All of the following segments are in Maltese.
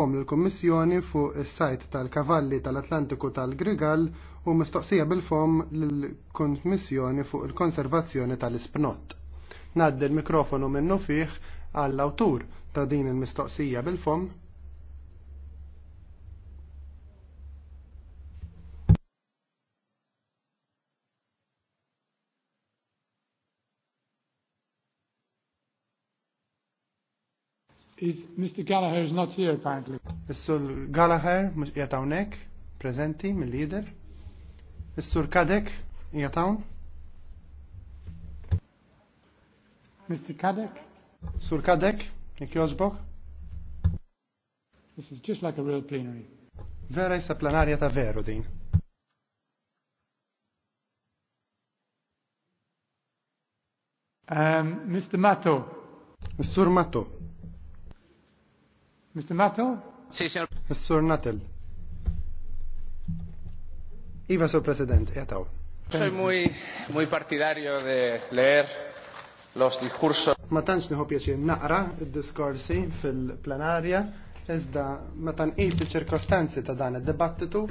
kom l-Kommissjoni fuq is-sajt tal-Kavalli tal-Atlantiku tal-Grigal u mistoqsija bil-fom l-Kommissjoni fuq il-konservazzjoni tal-Ispnot. Nadd l-mikrofonu minnu fiħ għall-awtur ta' din il-mistoqsija bil-fom is Mr. Gallagher is not here apparently. Is-sur Gallagher mhux qiegħed hawnhekk preżenti mill-lider. Is-sur Kadek qiegħed hawn. Mr. Kadek? Sur Kadek, jekk jogħġbok? This is just like a real plenary. Vera jsa planarja ta' veru din. Um, Mr. Matto. Mr. Matto. Mr. Nato? Si, sir. Mr. Natel. Iva, Sir President, jataw. E Soy muy, muy partidario de leer los discursos. Ma tantx niħu pjaċir naqra il diskorsi fil-plenarja, iżda ma tanqis il-ċirkostanzi ta' dan id debattitu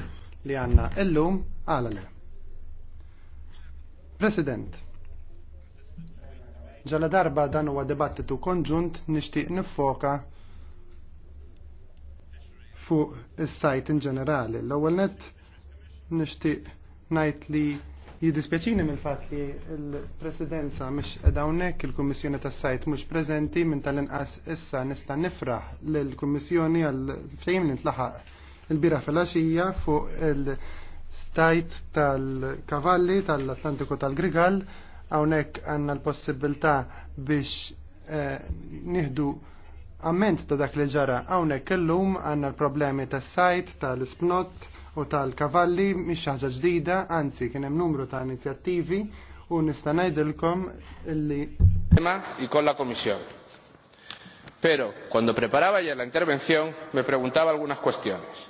li għanna illum għalale. le. President, ġala darba dan huwa dibattitu konġunt nixtieq nifoka fuq is-sajt in ġenerali. L-ewwel net nixtieq ngħid li jiddispjaċini mill-fatt li l-Presidenza mhux qed hawnhekk il-Kummissjoni tas-sajt mhux preżenti minn tal-inqas issa nista' nifraħ lill-Kummissjoni għal fejn nitlaħaq il-bira fil-għaxija fuq il-stajt tal-kavalli tal-Atlantiku tal-Grigal hawnhekk għandna l-possibilità biex eh, nieħdu amment ta' dak li ġara hawnhekk kellum għandna l-problemi tas-sajt, tal-isbnot u tal-kavalli mhix ħaġa ġdida, anzi kien hemm numru ta' inizjattivi u nista' ngħidilkom li tema jkollha komisjon. Pero, cuando preparaba ya la intervención, me preguntaba algunas cuestiones.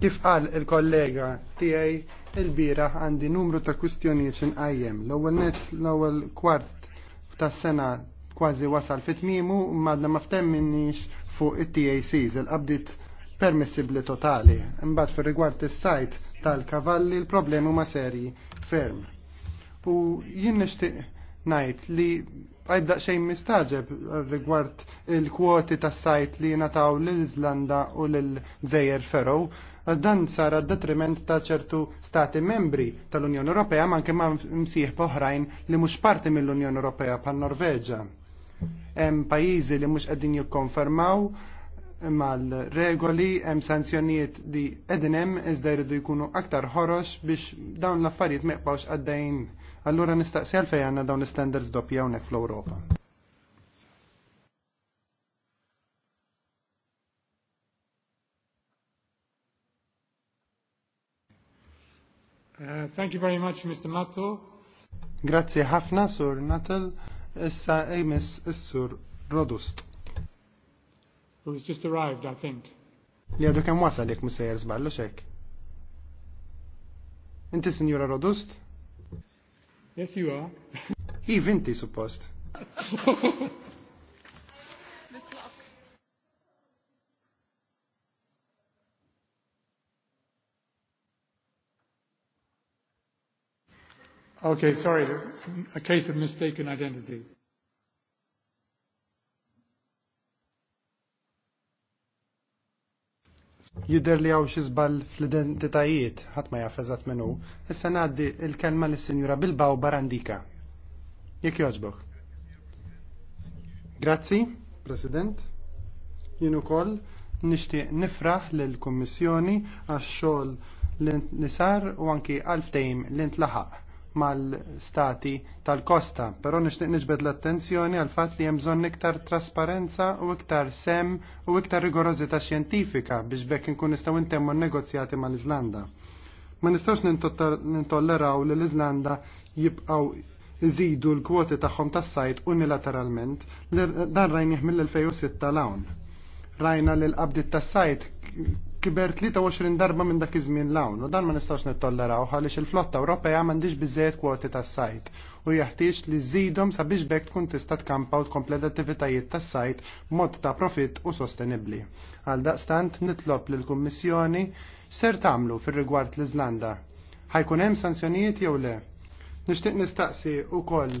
Kif qal il-kollega tiegħi il bira għandi numru ta' kwistjonijiet xinqajjem. L-ewwel net l-ewwel kwart ta' sena kważi wasal fit-tmimu madna ma ftemminix fuq it-TACs, il-qabdit permissibli totali. Imbagħad fir-rigward is-sajt tal-kavalli l-problemi ma serji ferm. U jien nixtieq ngħid li għajda xejn mistaġeb rigward il-kwoti tas sajt li nataw l-Izlanda u l zejer Ferow, dan sara detriment ta' ċertu stati membri tal-Unjoni Ewropea ma kemm msieħ oħrajn li mhux parti mill-Unjoni Ewropea pan Norveġa hemm pajjiżi li mhux qegħdin jikkonfermaw mal-regoli, hemm sanzjonijiet li qegħdin hemm iżda jridu jkunu aktar ħorox biex dawn l-affarijiet ma jibqgħux għaddejjin. Allura nistaqsi għalfejn għandna dawn l-standards doppji hawnhekk fl-Ewropa. Uh, thank you very much, Mr. Mato. Grazie ħafna, Sur Natal. Issa Ejmis Issur Rodust. Who has just arrived, I think. Li għadu kem wasa li musajjer zballu xek. Inti Signora Rodust? Yes, you are. Iv inti suppost. Okay, sorry, a case of mistaken identity. Jider li għaw xizbal fl-identitajiet, għat ma jaffezat menu. issa naddi il-kelma l sinjura Bilbao Barandika. Jek joġbok. Grazzi, President. Jien ukoll nixtieq nifraħ lill-Kummissjoni għax-xogħol li sar u anki għalftejn li ntlaħaq mal-stati tal-kosta, però nixtieq niġbed l-attenzjoni għal fatt li hemm bżonn iktar trasparenza u iktar sem u iktar rigorozita xjentifika biex bekk inkun nistgħu intemmu negozjati mal izlanda Ma nistgħux nintolleraw li l izlanda jibqgħu iżidu l-kwoti tagħhom tas-sajt unilateralment dan rajnih mill-2006 l-hawn. Rajna li l-qabdiet tas-sajt kiber 23 darba minn dak iż-żmien l-hawn u dan ma nistgħux nittolleraw għaliex il-flotta Ewropea m'għandix biżejjed kwoti tas-sajt u jeħtieġ li żidhom sabiex bekk tkun tista' tkampa u tkomplet attivitajiet tas-sajt b'mod ta' profitt u sostenibbli. Għal daqstant nitlob lill kummissjoni ser tagħmlu fir-rigward l-Iżlanda. Ħajkun hemm sanzjonijiet jew le? Nixtieq nistaqsi wkoll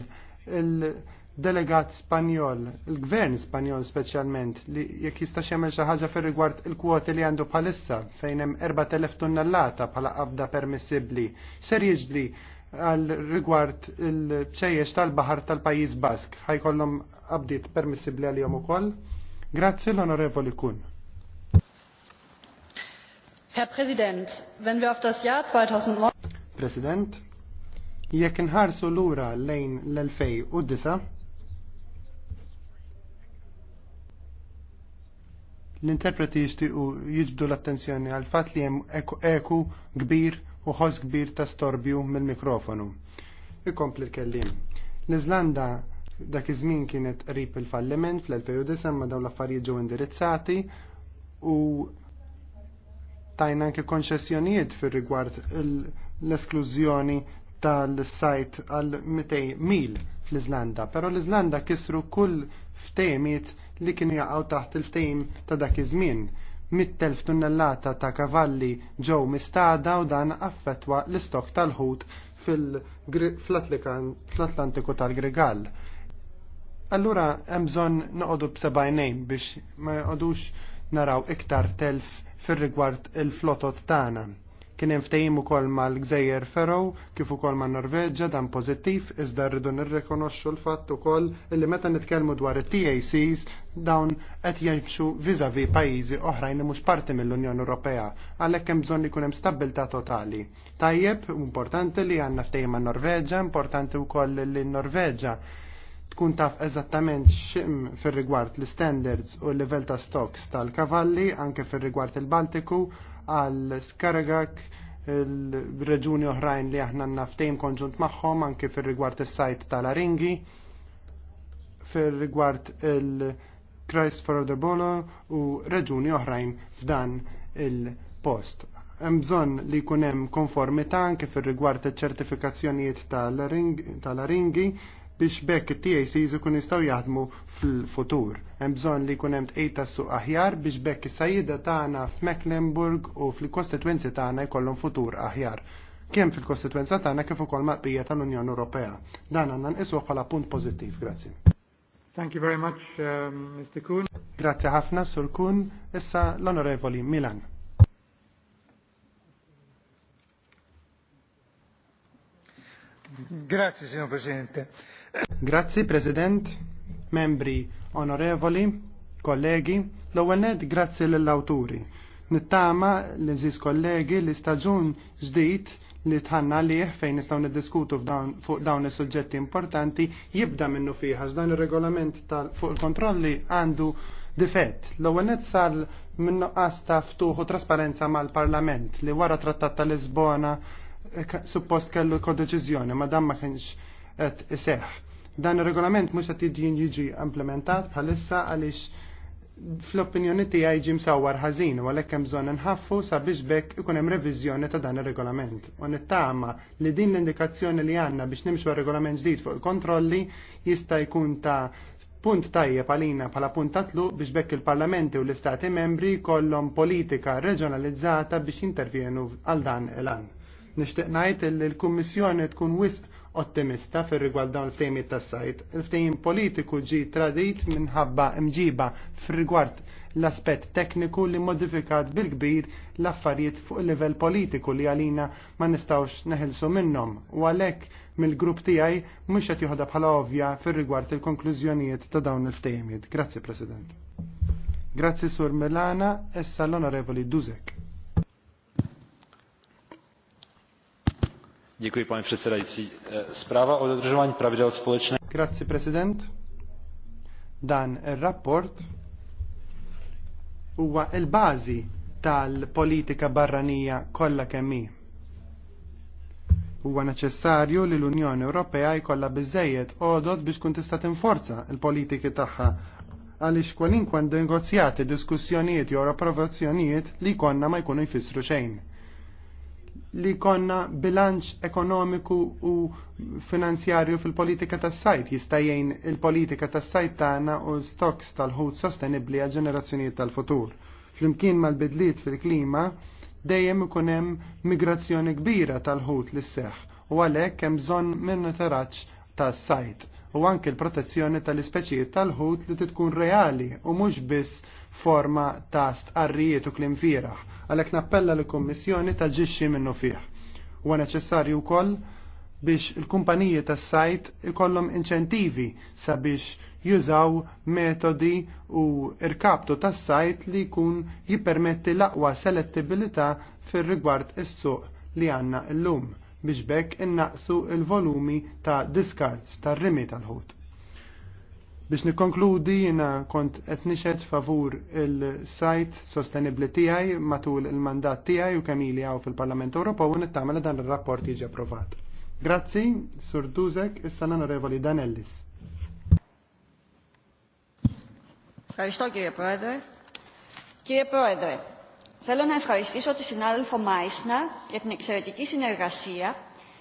il- delegat Spanjol, il-Gvern Spanjol speċjalment, li jekk jista' jagħmel xi ħaġa fir-rigward il-kwoti li għandu bħalissa fejn hemm 4000 tunnellata bħala qabda permissibbli, ser jiġri għal rigward il-ċejjex tal-baħar tal-Pajjiż Bask ħajkollhom abdiet permissibbli għalihom ukoll. Grazzi l-Onorevoli Kun. Herr Präsident, wenn wir auf das Jahr 2009 President, jekk l lura lejn l-2009, L-interpreti jixtiequ jiġdu l-attenzjoni għal fatt li hemm eku kbir u ħoss kbir ta' storbju mill-mikrofonu. Ikompli l-kellim. L-Iżlanda dak iż-żmien kienet qrib il-falliment fl-2009 ma dawn l-affarijiet ġew indirizzati u tajna anke konċessjonijiet fir-rigward l-esklużjoni tal-sajt għal 200 mil fl-Iżlanda, però l-Iżlanda kisru kull ftejmiet li kienu jaqgħu taħt il-ftejm ta' dak iż-żmien. Mittelf tunnellata ta' kavalli ġew mistada u dan affettwa l-istok tal-ħut fl-Atlantiku tal-Grigal. Allura hemm bżonn noqogħdu b'sebajnejn biex ma jqogħdux naraw iktar telf fir-rigward il-flotot tagħna. Kien hemm ftehim ukoll mal-Gżejjer Ferow kif ukoll man Norveġġa dan pożittiv iżda rridu nirrikonoxxu l-fatt ukoll illi meta nitkellmu dwar it-TACs dawn qed jgħixu viżavi pajjiżi oħrajn li mhux parti mill-Unjoni Ewropea għalhekk hemm bżonn ikun hemm stabbiltà totali. Tajjeb, importanti li għandna ftehim man Norveġġa, importanti wkoll li Norveġġa tkun taf eżattament xim fil rigward l standards u l-level ta' stocks tal-kavalli anke fil rigward il-Baltiku għal Skaragak il-reġuni oħrajn li aħna naftejn konġunt magħhom anke fir-rigward is-sajt tal-Aringi, fir-rigward il-Christ for the Bolo u reġuni oħrajn f'dan il-post. Hemm bżonn li jkun hemm konformità anke fir-rigward iċ-ċertifikazzjonijiet tal-Aringi, tal aringi biex bekk it-TACs jkun jistgħu jaħdmu fil-futur. Hemm bżonn li jkun hemm tqejt tas-suq aħjar biex bekk is-sajjieda tagħna f'Mecklenburg u fil-kostitwenzi tagħna jkollhom futur aħjar kemm fil-kostitwenza tagħna kif ukoll maqbija tal-Unjoni Ewropea. Dan għandna nqisuh bħala punt pożittiv, grazzi. Thank you very much, um, Mr. Kuhn. Grazzi ħafna, Sur Kuhn. Issa l-Onorevoli Milan. Grazie, signor Presidente. Grazzi, President, membri onorevoli, kollegi, l-ewwel nett grazzi lill-awturi. Nittama l żis kollegi li staġun ġdid li tħanna liħ fejn nistgħu niddiskutu fuq dawn is-suġġetti importanti jibda minnu fiħax dan ir-regolament fuq il-kontrolli għandu difett. L-ewwel sal minnu għasta ftuħu trasparenza mal-Parlament li wara trattat tal Lisbona eh, suppost kellu kodeċiżjoni ma dan ma kienx qed seħ. Dan ir-regolament mhux qed jiġi implementat bħalissa għaliex fl-opinjoni tiegħi ġim sawar ħażin u għalhekk hemm bżonn nħaffu sabiex bekk ikun hemm reviżjoni ta' dan ir-regolament. U nittama li din l-indikazzjoni li għandna biex nimxu regolament ġdid fuq il-kontrolli jista' jkun ta' punt tajjeb palina bħala punt tatlu biex bekk il-parlamenti u l-istati membri kollom politika reġjonalizzata biex intervjenu għal dan il għan Nixtieq ngħid li l-Kummissjoni tkun wisq ottimista fir rigward dawn il ftejmi tas-sajt. Il-ftejim politiku ġi tradit minħabba imġiba fil rigward l-aspett tekniku li modifikat bil-kbir l-affarijiet fuq il-livell politiku li għalina ma nistawx neħilsu minnhom u għalhekk mill-grupp tiegħi mhux qed joħda bħala ovvja fir rigward il-konklużjonijiet ta' dawn il-ftejmiet. Grazzi President. Grazzi Sur Milana, essa l-Onorevoli Duzek. president. Dan il-rapport huwa il-bażi tal-politika barranija kollha kemm hi. Huwa neċessarju li l-Unjoni Ewropea jkollha biżejjed għodod biex tkun tista' tinforza l-politiki tagħha għaliex kwalinkwa negozjati, diskussjonijiet jew approvazzjonijiet li konna ma jkunu jfissru xejn li konna bilanċ ekonomiku u finanzjarju fil-politika tas sajt jistajjen il-politika tas sajt tagħna u stoks tal-ħut sostenibli għal ġenerazzjonijiet tal-futur. Flimkien mal-bidliet fil-klima dejjem ikun hemm migrazzjoni kbira tal-ħut li seħ u għalhekk hemm bżonn taraġġ tas-sajt u anke l-protezzjoni tal-ispeċijiet tal-ħut li titkun reali u mhux biss forma ta' stqarrijiet u klimfiraħ. fieraħ għalhekk nappella l kummissjoni taġixxi minnu fih. Huwa neċessarju wkoll biex il-kumpaniji tas-sajt ikollhom inċentivi sabiex jużaw metodi u irkabtu tas-sajt li jkun jippermetti l-aqwa selettibilità fir-rigward is-suq li għandna llum biex bekk innaqsu il-volumi ta' discards tar-rimi tal-ħut. Biex nikonkludi jina kont etnixet favur il-sajt sostenibli tijaj matul il-mandat tijaj u kamili għaw fil-Parlament Ewropew u nittamela dan il-rapport jiġi approvat. Grazzi, Sur Duzek, issa sana norevoli Dan Ellis. Ευχαριστώ κύριε Πρόεδρε. Κύριε Πρόεδρε, θέλω να ευχαριστήσω τη συνάδελφο Μάισνα για την εξαιρετική συνεργασία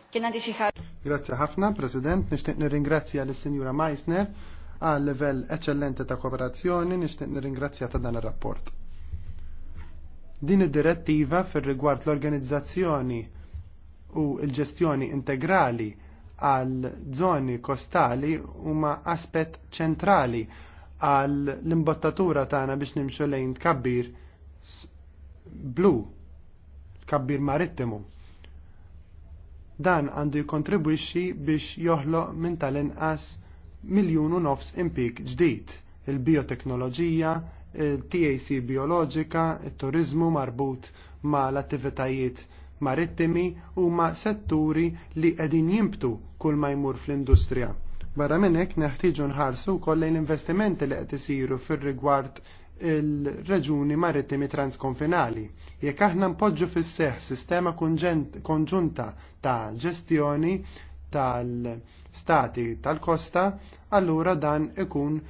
και να τη συγχαρώ. Grazie Hafna, President. Nishtiq nirringrazzja l-Sinjura Meissner għal livell eccellente ta' kooperazzjoni nixtieq nirringrazzja ta' dan ir-rapport. Din id-direttiva fir-rigward l-organizzazzjoni u l-ġestjoni integrali għal żoni kostali huma aspett ċentrali għal l-imbottatura tagħna biex nimxu lejn tkabbir blu, kabbir marittimu. Dan għandu jikontribwixxi biex joħloq minn tal-inqas miljonu nofs impik ġdid, il-bioteknoloġija, il-TAC biologika, il-turizmu marbut ma l-attivitajiet marittimi u ma setturi li edin jimbtu kull ma jmur fl-industrija. Barra minnek neħtiġu nħarsu koll l-investimenti li qed isiru fir-rigward il-reġuni marittimi transkonfinali. Jekk aħna npoġġu fis seħħ sistema konġunta ta' ġestjoni tal-stati tal-kosta, allura dan ikun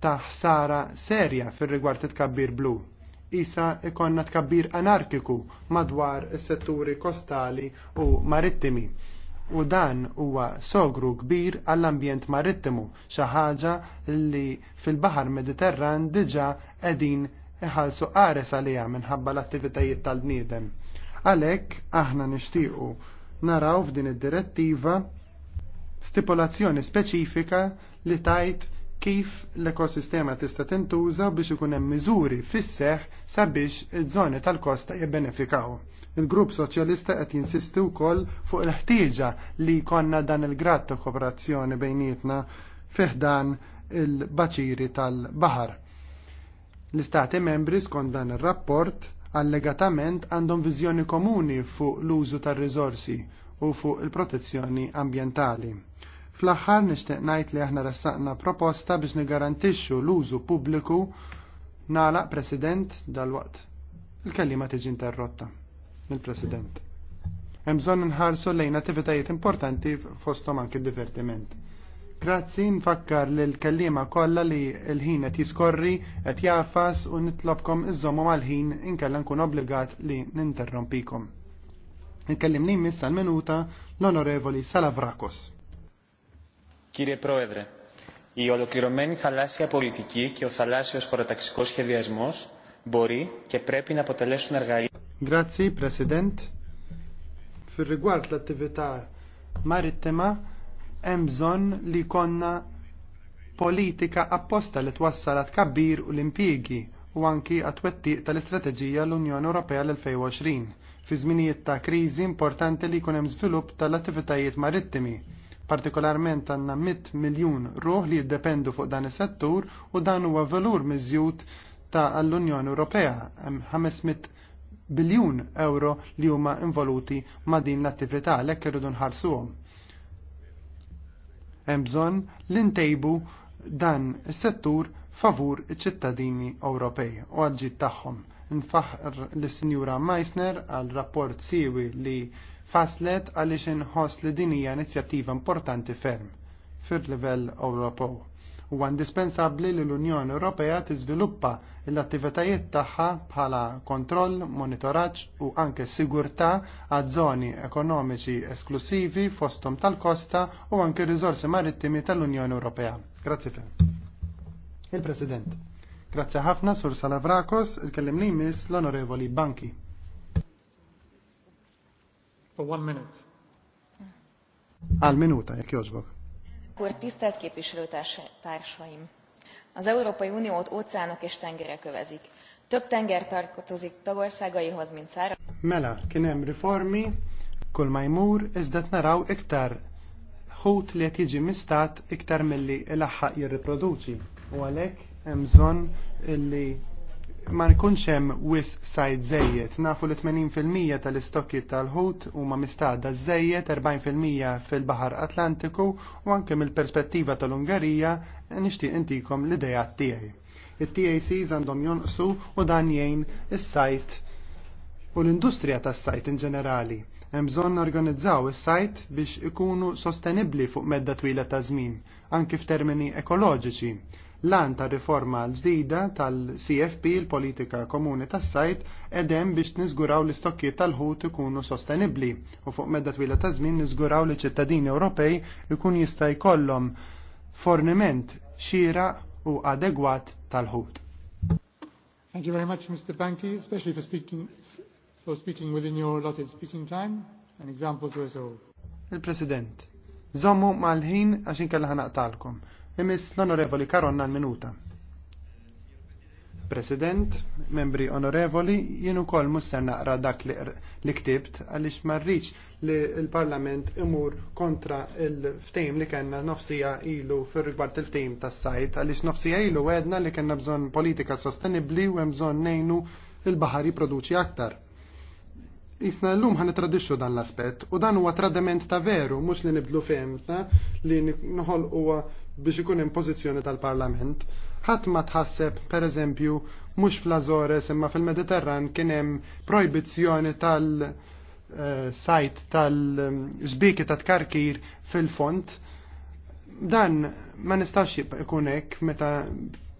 ta' serja fir-rigward tkabbir blu. Isa ikonna tkabbir anarkiku madwar is-setturi kostali u marittimi. U dan huwa sogru kbir għall-ambjent marittimu, xi ħaġa li fil-Baħar Mediterran diġà qegħdin iħallsu qares għaliha minħabba l-attivitajiet tal-bniedem. Għalhekk aħna nixtiequ naraw f'din id-direttiva stipulazzjoni speċifika li tajt kif l-ekosistema tista' tintuża biex ikun hemm miżuri fis-seħ sabiex iż-żoni tal-kosta jibbenefikaw. Il-grupp soċjalista qed jinsisti wkoll fuq il-ħtieġa li jkollna dan il-grad ta' kooperazzjoni bejnietna fih dan il-baċiri tal-baħar. L-istati membri skont dan ir-rapport allegatament għandhom viżjoni komuni fuq l-użu tar-riżorsi u fuq il-protezzjoni ambjentali. Fl-aħħar nixtieq ngħid li aħna ressaqna proposta biex nigarantixxu l-użu pubbliku nalaq President dal-waqt. Il-kellima tiġi interrotta mill-President. Hemm bżonn nħarsu lejn attivitajiet importanti fosthom anke divertiment. Grazzi nfakkar li l-kellima kollha li l-ħin qed jiskorri qed jafas u nitlobkom iżommu mal-ħin inkella nkun obbligat li ninterrompikom. Nitkellimni missa l-minuta l-Onorevoli Salavrakos. Κύριε Πρόεδρε, η ολοκληρωμένη θαλάσσια πολιτική και ο θαλάσσιος χωροταξικός σχεδιασμός μπορεί και πρέπει να αποτελέσουν εργαλείο. Grazie, President. Fil rigward l-attività marittima, hemm bżonn li konna politika apposta li twassal tkabbir u l-impjiegi u anki għatwettiq tal-istrateġija l-Unjoni Ewropea l-2020 fi żminijiet ta' kriżi importanti li jkun hemm żvilupp tal-attivitajiet marittimi Partikolarment għanna 100 miljun ruħ li jiddependu fuq dan is-settur u dan huwa valur miżjud ta' l-Unjoni Ewropea, 500 biljun euro li huma involuti ma' din l-attività lekk irridu nħarsuhom. Hemm bżonn li ntejbu dan is-settur favur iċ-ċittadini Ewropej u għadġit tagħhom. Nfaħr l-Sinjura Meissner għal rapport siwi li faslet għaliex inħoss li din hija inizjattiva importanti ferm fir-livell Ewropew. Huwa indispensabbli li l-Unjoni Ewropea tiżviluppa l-attivitajiet tagħha bħala kontroll, monitoraġġ u anke sigurtà għad żoni ekonomiċi esklusivi fosthom tal-kosta u anke riżorsi marittimi tal-Unjoni Ewropea. Grazzi fil. Il-President. Grazzi ħafna sur Salavrakos, il kellimni mis l-Onorevoli Banki for one minute. Għal minuta, jek joġbok. Kur tisztelt képviselőtársaim! Az Európai Uniót óceánok és tengerek övezik. Több tenger tartozik tagországaihoz, mint szára. Mela, kienem riformi, kull ma ez dat naraw iktar ħut li tiġi mistat iktar milli l-aħħaq jirriproduċi. U għalhekk hemm bżonn ma nkunx hemm wis sajt żejjed. Nafu l-80% tal-istokki tal-ħut huma mistada żejjed 40% fil-Baħar Atlantiku u anke mill-perspettiva tal-Ungarija nixtieq intikom l-idea tiegħi. It-TACs għandhom jonqsu u dan jgħin is-sajt u l-industrija tas-sajt in ġenerali. Hemm bżonn organizzaw is-sajt biex ikunu sostenibbli fuq medda twila ta' żmien, anke f'termini ekoloġiċi Lan ta' riforma l-ġdida tal-CFP, il-politika komuni tas-sajt, edem biex niżguraw l-istokkiet tal-ħut ikunu sostenibli u fuq medda twila ta' żmien niżguraw li ċittadini Ewropej ikun jista' jkollhom forniment xira u adegwat tal-ħut. Thank you very much, Mr. Banki, especially for speaking, for speaking within your allotted speaking time. An examples to us all. Il-President, zommu mal-ħin għaxin kalla ħanaqtalkom. Imis l-Onorevoli Karonna l-Minuta. President, membri onorevoli, jienu kol musser naqra dak li, li ktibt għalix marriċ li l-Parlament imur kontra il-ftejm li kena nofsija ilu fir rigward il ftim tas sajt għalix nofsija ilu għedna li kena bżon politika sostenibli u bżon nejnu il-bahari produċi aktar. Isna l-lum għan tradixxu dan l-aspet u dan huwa tradiment ta' veru, mux li nibdlu femta li nħol huwa biex ikun hemm pożizzjoni tal-Parlament. Ħadd ma tħasseb, pereżempju, mhux fl-Azores imma fil-Mediterran kien hemm projbizzjoni tal-sajt eh, tal-żbiki eh, ta' tkarkir fil-font. Dan ma nistax jibqa' ikun hekk meta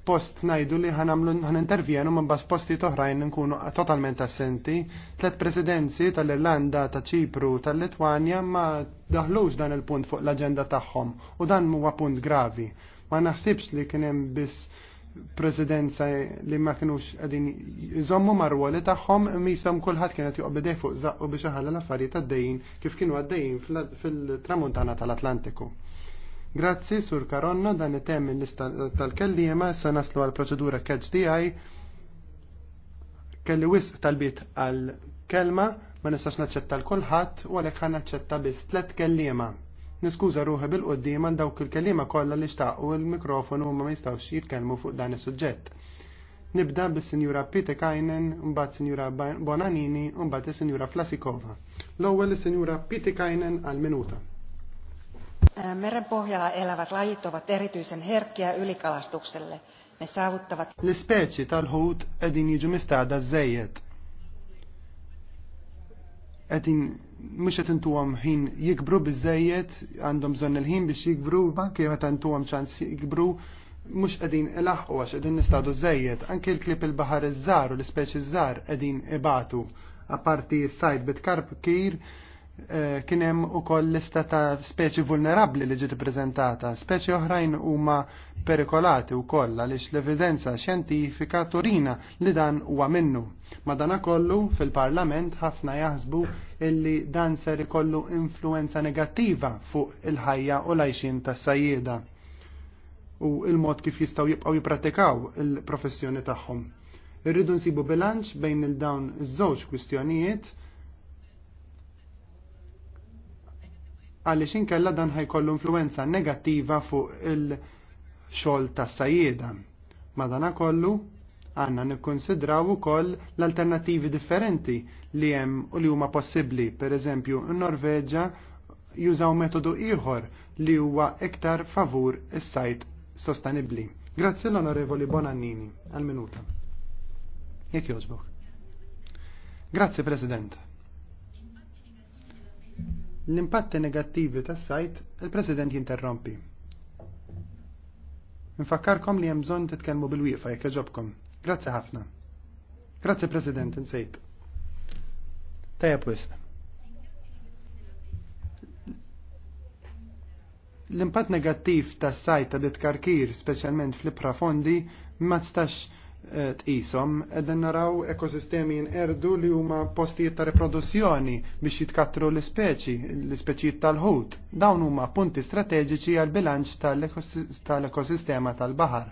post najdu li ħan intervjenu ma' bas posti toħrajn nkunu totalment assenti. Tlet presidenzi tal-Irlanda, ta' Ċipru, tal-Litwanja ma daħlux dan il-punt fuq l-agenda tagħhom u dan huwa punt gravi. Ma naħsibx li kien hemm biss presidenza li ma kienux qegħdin jżommu marwoli tagħhom misom kulħadd kienet juqbide fuq zaqqu biex ħalla l-affarijiet għaddejjin kif kienu għaddejjin fil-tramuntana tal-Atlantiku. Grazzi, Sur Karonna, dan it-tem il-lista tal-kellima, se naslu għal-proċedura catch DI. Kelli wisq tal-bit għal-kelma, ma nistax naċċetta l-kolħat, u għalek ħa naċċetta bis tlet kellima. Niskuża ruħi bil qudiem għal dawk il-kellima kollha li xtaqgħu l mikrofonu ma ma jistawx jitkellmu fuq dan is-suġġett. Nibda bis-Sinjura Pite Kajnen, mbagħad Sinjura Bonanini, mbagħad is-Sinjura Flasikova. L-ewwel is-Sinjura Pite Kajnen għal-minuta. Merenpohjalla elävät lajit ovat erityisen herkkiä ylikalastukselle. Ne saavuttavat... L-speċi tal-ħut edin jiġu mistada zzejiet. Edin mux qed intuhom ħin jikbru biżejjed, għandhom bżonn il-ħin biex jikbru, anke meta intuhom ċans jikbru, mux qegħdin ilaħqu għax qegħdin nistadu żejjed, anke l klip il-baħar iż-żar u l-ispeċi iż-żar qegħdin ibatu apparti s-sajt bit-karb kir Eh, kienem u koll lista ta' speċi vulnerabli li ġiet prezentata, speċi oħrajn huma perikolati u koll għaliex l-evidenza xjentifika turina li dan huwa minnu. Madana kollu fil-parlament ħafna jaħsbu illi dan ser ikollu influenza negattiva fuq il-ħajja u lajxin tas sajjeda u il-mod kif jistaw jibqaw jipratikaw il-professjoni tagħhom. Irridu nsibu bilanċ bejn il-dawn iż-żewġ kwistjonijiet għaliex inkella dan ħajkollu influenza negattiva fuq il-xogħol tas-sajjieda. Madana kollu għanna nikkonsidraw ukoll l-alternattivi differenti li hemm u li huma possibbli, pereżempju n-Norveġa jużaw metodu ieħor li huwa iktar favur is-sajt sostenibbli. Grazzi l-Onorevoli Bonannini għal-minuta. Jekk jogħġbok. Grazzi President. L-impatti negattivi tas-sajt il-President jinterrompi. Nfakkarkom li hemm bżonn titkellmu bil-wieqfa jekk ġobkom. Grazzi ħafna. Grazzi President insejt. Tajab wisq. L-impatt negattiv tas-sajt ta' ditkarkir, speċjalment fl-ipra fondi, ma tistax tqishom qegħdin naraw ekosistemi nqerdu li huma postijiet ta' reproduzzjoni biex jitkattru l-ispeċi, l-ispeċijiet tal-ħut. Dawn huma punti strateġiċi għal bilanċ tal-ekosistema tal-baħar.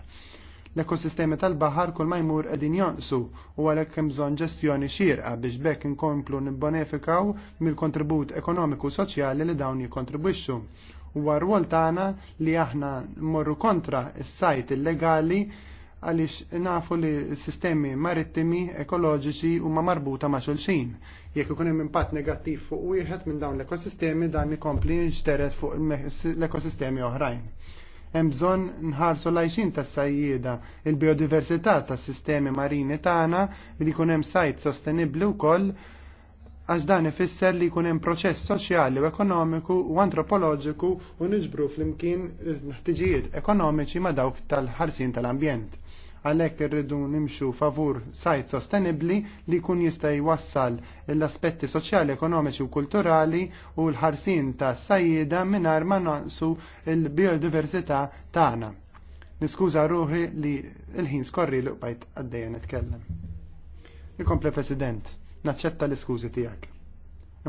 L-ekosistemi tal-baħar kull ma jmur qegħdin jonqsu u għalhekk hemm bżonn ġestjoni xierqa biex bekk inkomplu nibbonefikaw mill-kontribut ekonomiku soċjali li dawn jikkontribwixxu huwa rwol tagħna li aħna mmorru kontra s-sajt illegali għaliex nafu li s-sistemi marittimi ekoloġiċi huma marbuta ma' xulxin. Jekk ikun hemm impatt negattiv fuq wieħed minn dawn l-ekosistemi dan ikompli nxteret fuq l-ekosistemi oħrajn. Hemm bżonn nħarsu lajxin tas-sajjieda, il-biodiversità tas-sistemi marini tagħna li jkun hemm sajt sostenibbli wkoll għax dan ifisser li jkun hemm proċess soċjali u ekonomiku u antropoloġiku u niġbru flimkien ħtiġijiet ekonomiċi ma' dawk tal-ħarsin tal-ambjent. Għalhekk irridu nimxu favur sajt sostenibbli li jkun jista' jwassal l-aspetti soċjali, ekonomiċi u kulturali u l-ħarsin tas sajjida mingħajr ma naqsu l-biodiversità tagħna. Niskuża ruħi li l-ħin skorri l uqbajt għaddejja nitkellem. Ikompli President naċċetta l-iskużi tiegħek.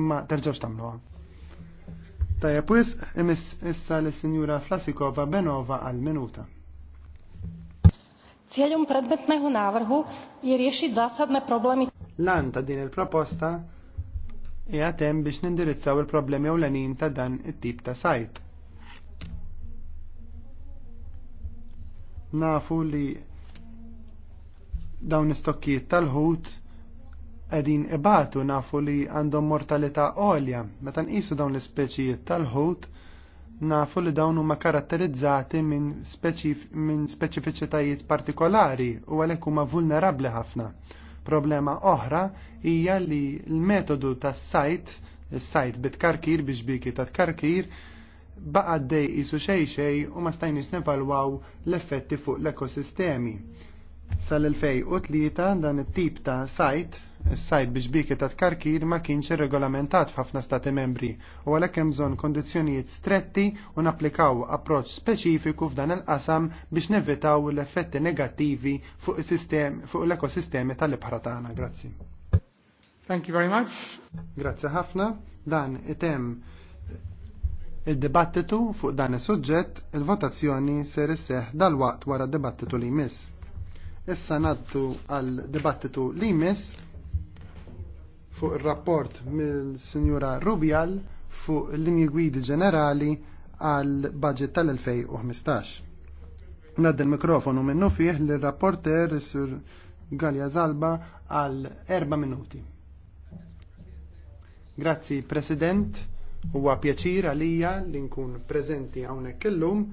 Imma terġgħux tagħmluha. Taja, pwis imis issa l-Sinjura Flasikova Benova għal minuta. Cieljum predmetnego navrhu je rieši zásadné problémy. Lan ta' din il-proposta hija għatem biex nindirizzaw il-problemi ewlenin ta' dan it-tip ta' sajt. Nafu li dawn istokkijiet tal-ħut qegħdin ibatu nafu li għandhom mortalità għolja. Meta nqisu dawn l-ispeċijiet tal-ħut, nafu li dawn huma karatterizzati minn min speċifiċitajiet partikolari u għalhekk huma vulnerabbli ħafna. Problema oħra hija li l-metodu tas-sajt, is-sajt bit-karkir biex biki ta' tkarkir, baqa' dej isu xejn xejn u ma stajniex nevalwaw l-effetti fuq l-ekosistemi. Sal-2003 dan it-tip ta' sajt, sajt biex biki ta' tkarkir ma kienx regolamentat f'ħafna stati membri u għalhekk hemm bżonn kondizzjonijiet stretti u napplikaw approċċ speċifiku f'dan il-qasam biex nevitaw l-effetti negattivi fuq l-ekosistemi tal-ibħra tagħna. Grazzi. Thank you very much. Grazzi ħafna. Dan item id-dibattitu fuq dan is-suġġett il-votazzjoni ser isseħ dal-waqt wara d-dibattitu li jmiss. Issa naddu għal dibattitu li jmiss fuq il-rapport mill-Sinjura Rubial fuq l-linji gwidi ġenerali għal budget tal-2015. Nad il-mikrofonu minnu fih l-rapporter sur Galja Zalba għal erba minuti. Grazzi President, huwa pjaċir għalija li nkun prezenti hawnhekk illum